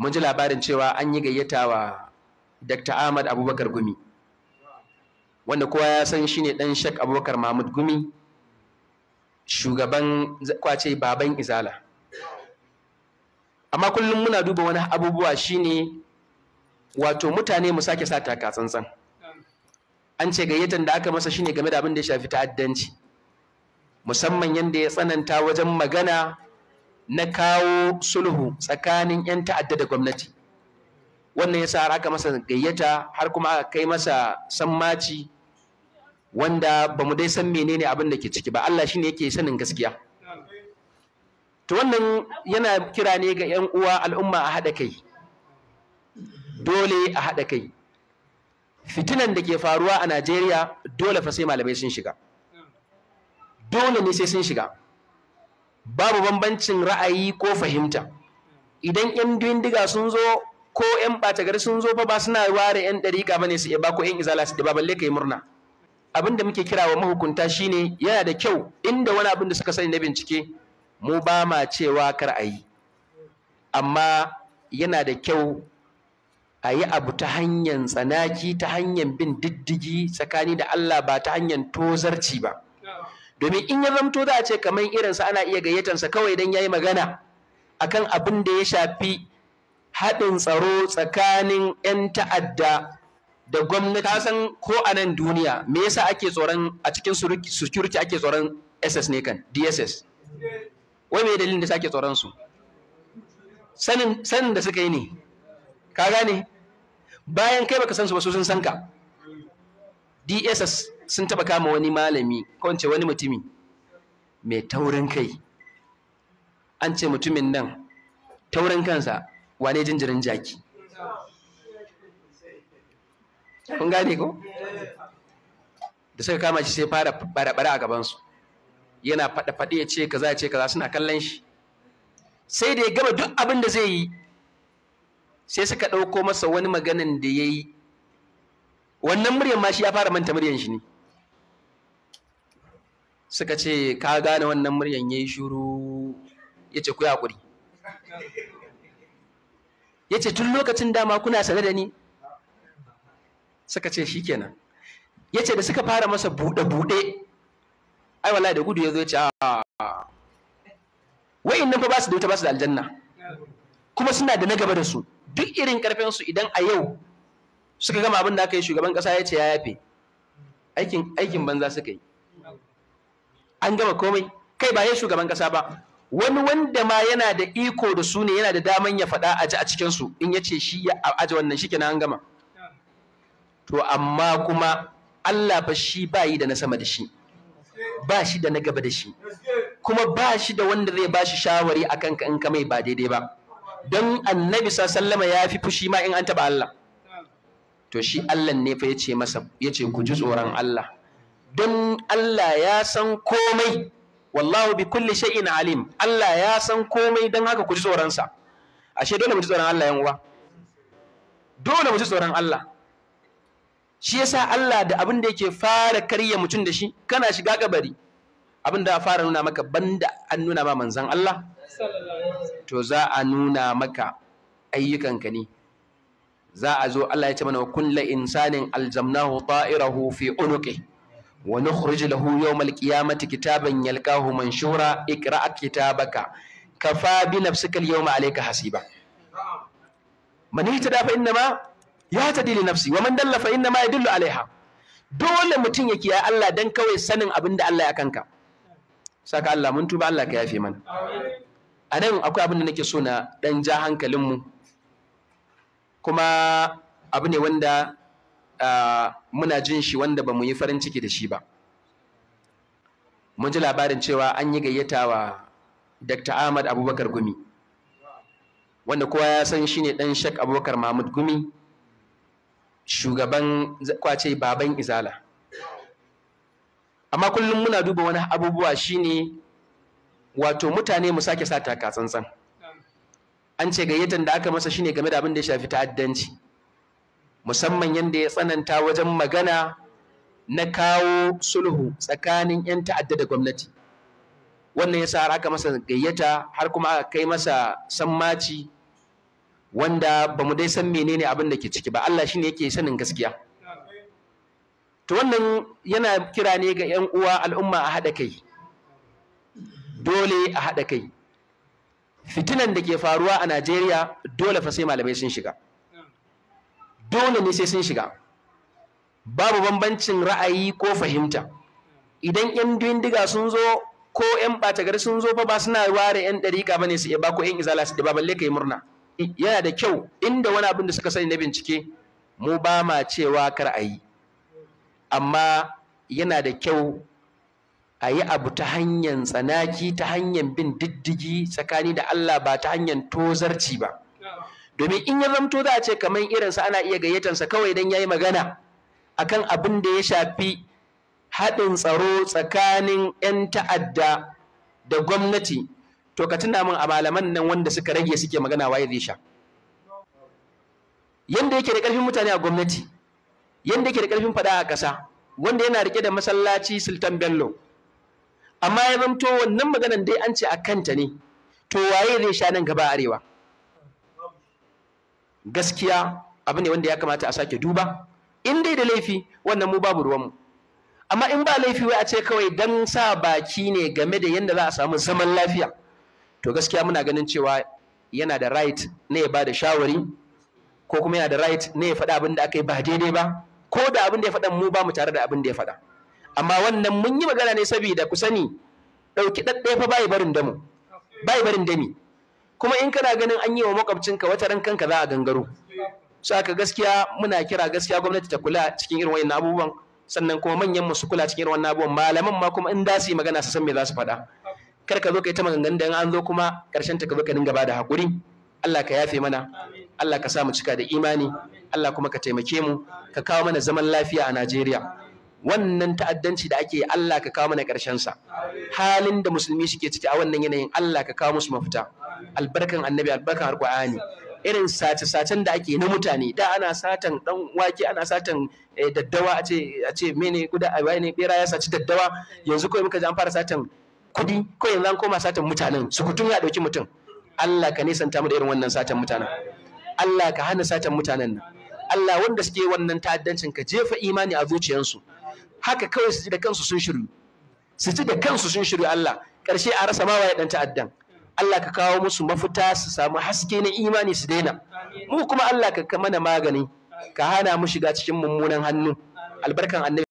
mun ji labarin cewa an yi gayyata wa Dr. Ahmad Abubakar Gumi wanda kowa ya san shine dan Sheikh Abubakar Mahmud Gumi shugaban kwace baban Izala amma kullum muna duba wani abubuwa shine wato mutane mu sake sa taka tsantsan an ce gayyatan da aka masa shine game da abin da ya shafi ta'addanci musamman yadda ya tsananta wajen magana na kawo sulhu tsakanin 'yan ta'adda da gwamnati wannan ya sa har aka masa gayyata har kuma aka kai masa sammaci wanda ba mu dai san menene abin da ke ciki ba Allah shine yake sanin gaskiya to wannan yana kira ne ga 'yan uwa al'umma a haɗa kai dole a haɗa kai fitinan da ke faruwa a Najeriya dole fa sai malamai sun shiga dole ne sai sun shiga babu bambancin ra'ayi ko fahimta idan yan bindiga sun zo ko yan ɓata gari sun zo fa ba suna ware yan ɗariƙa bane su ba ko yan izala su ba balle kai murna abin da muke kira wa mahukunta shine yana da kyau inda wani abin da suka sani na bincike mu ba ma cewa kar a yi amma yana da kyau a yi abu ta hanyar tsanaki ta hanyar bin diddigi tsakani da Allah ba ta hanyar tozarci ba domin in ya zamto za a ce kamar irinsa ana iya gayyatansa kawai don ya yi magana akan abin da ya shafi haɗin tsaro tsakanin 'yan ta'adda da gwamnati ta san ko a nan duniya me yasa ake tsoron a cikin security ake tsoron SS ne kan DSS wai me dalilin da sake tsoron su sanin sanin da suka yi ne ka gane bayan kai baka san su ba su sun san ka DSS sun taɓa kama wani malami ko in ce wani mutumi mai taurin kai an ce mutumin nan taurin kansa wane jinjirin jaki kun gane ko da suka kama shi sai fara barabara a gabansu yana faɗe-faɗe ya ce kaza ya ce kaza suna kallon shi sai da ya gama duk abin da zai yi sai suka ɗauko masa wani maganin da ya yi wannan muryan ma shi ya fara manta muryan shi ne suka ce ka gane wannan muryan yayi shiru yace ku ya yace tun lokacin dama kuna sane da ni suka ce shi ya yace da suka fara masa bude bude ai wala da gudu ya yazo ce a nan fa ba su da wuta ba su da aljanna kuma suna da na gaba da su duk irin ƙarfinsu idan a yau suka gama abin da aka yi shugaban kasa ya ce ya yafe aikin banza suka yi an gama komai kai ba ya shugaban kasa ba wani wanda ma yana da iko da su ne yana da daman ya faɗa a ji a cikin su in ce shi ya aji wannan shi kenan an gama to amma kuma Allah fa shi ba yi da na sama da shi ba shi da na gaba da shi kuma ba shi da wanda zai ba shi shawari akan ka in ka mai ba daidai ba don annabi sallama ya fi fushi ma in an taɓa Allah to shi Allah ne fa ya ce masa ya ku ji tsoron Allah don Allah ya san komai wallahu bi kulli shay'in alim Allah ya san komai don haka ku ji tsoron sa ashe dole mu ji tsoron Allah yan uwa dole mu ji tsoron Allah shi yasa Allah da abin da yake fara karya mutum da shi kana shiga kabari abin da fara nuna maka banda an nuna ma manzan Allah to za a nuna maka ayyukanka ne za a zo Allah ya ce mana kullu insanin aljamnahu ta'irahu fi unuqi wa nukhrij lahu yawmal qiyamati kitaban yalqahu manshura ikra kitabaka kafa bi nafsika al-yawma alayka hasiba man ihtada fa innama yahtadi li nafsi wa man dalla fa innama yadullu alaiha dole mutum ya kiyaye Allah dan kawai sanin abinda Allah ya kanka saka Allah mun tuba Allah ka yafe mana a nan akwai abin da nake so na dan ja hankalinmu kuma abu ne wanda muna jin shi wanda ba mu yi farin ciki da shi ba mun ji labarin cewa an yi gayyata wa dr ahmad abubakar gumi wanda kowa ya san shi ne ɗan shek abubakar mahmud gumi shugaban kwace baban izala amma kullum muna duba wani abubuwa shine wato mutane mu sake sa taka tsantsan an ce gayyatan da aka masa shine game da abin da ya shafi ta'addanci musamman yadda ya tsananta wajen magana na kawo sulhu tsakanin 'yan ta'adda da gwamnati wannan ya sa har aka masa gayyata har kuma aka kai masa sammaci wanda ba mu dai san menene abin da ke ciki ba Allah shine yake sanin gaskiya to wannan yana kira ne ga 'yan uwa al'umma a haɗa kai dole a haɗa kai fitinan da ke faruwa a Najeriya dole fa sai malamai sun shiga dole ne sai sun shiga babu bambancin ra'ayi ko fahimta idan yan bindiga sun zo ko yan ɓata gari sun zo fa ba suna ware yan ɗariƙa ba ne su ba ko yan izala su ba balle ka yi murna yana da kyau inda wani abin da suka sani na bincike mu ba ma cewa kar a yi amma yana da kyau a yi abu ta hanyar tsanaki ta hanyar bin diddigi tsakani da Allah ba ta hanyar tozarci ba domin in ya zamto za a ce kamar irinsa ana iya gayyatansa kawai don ya yi magana akan abin da ya shafi haɗin tsaro tsakanin 'yan ta'adda da gwamnati to ka tuna min a malaman nan wanda suka rage suke magana waye zai sha yanda yake da ƙarfin mutane a gwamnati yanda yake da ƙarfin faɗa a ƙasa wanda yana rike da masallaci sultan bello amma ya zamto wannan maganan dai an ce a kanta ne to waye zai sha nan gaba arewa gaskiya abu ne wanda ya kamata a sake duba in dai da laifi wannan mu babu ruwanmu amma in ba laifi wai a ce kawai dan sa baki ne game da yadda za a samu zaman lafiya to gaskiya muna ganin cewa yana da right ne ya bada shawari ko kuma yana da right ne ya faɗa abin da aka yi ba daidai ba ko da abin da ya faɗa mu ba mu tare da abin da ya faɗa amma wannan mun yi magana ne saboda ku sani ɗauki ɗaɗɗaya fa bai barin damu bai barin dami kuma in kana ganin an yi wa makwabcinka wata ran kanka za a gangaro so gaskiya muna kira gaskiya gwamnati ta kula cikin irin wayannan abubuwan sannan kuma manyan mu su kula cikin irin wannan abubuwan malaman ma kuma in da su yi magana su san me za su faɗa kar ka zo ka yi ta maganganun da an zo kuma karshen ta ka zo ka dinga bada hakuri Allah ka yafe mana Allah ka sa mu cika da imani Allah kuma ka taimake mu ka kawo mana zaman lafiya a Najeriya wannan ta'addanci da ake Allah ka kawo mana ƙarshen sa halin da musulmi suke ciki a wannan yanayin Allah ka kawo musu mafita albarkan annabi albarkan alqur'ani irin sace-sacen da ake na mutane da ana satan dan wake ana satan eh, daddawa a ce a ce mene guda a ne bera ya saci daddawa yanzu kawai muka ji an fara satan kudi ko yanzu an koma satan mutanen su kutun ya dauki mutum Allah ka nisanta mu da irin wannan satan mutanen Allah ka hana satan mutanen nan Allah wanda suke wannan ta'addancin ka jefa imani a zuciyarsu haka kawai su ji da kansu sun shiru su ji da kansu sun shiru Allah Karshe a rasa ma waye dan ta'addan Allah ka kawo musu mafita su samu haske na imani su daina mu kuma Allah ka mana magani ka hana mu shiga cikin mummunan hannu albarkan annabi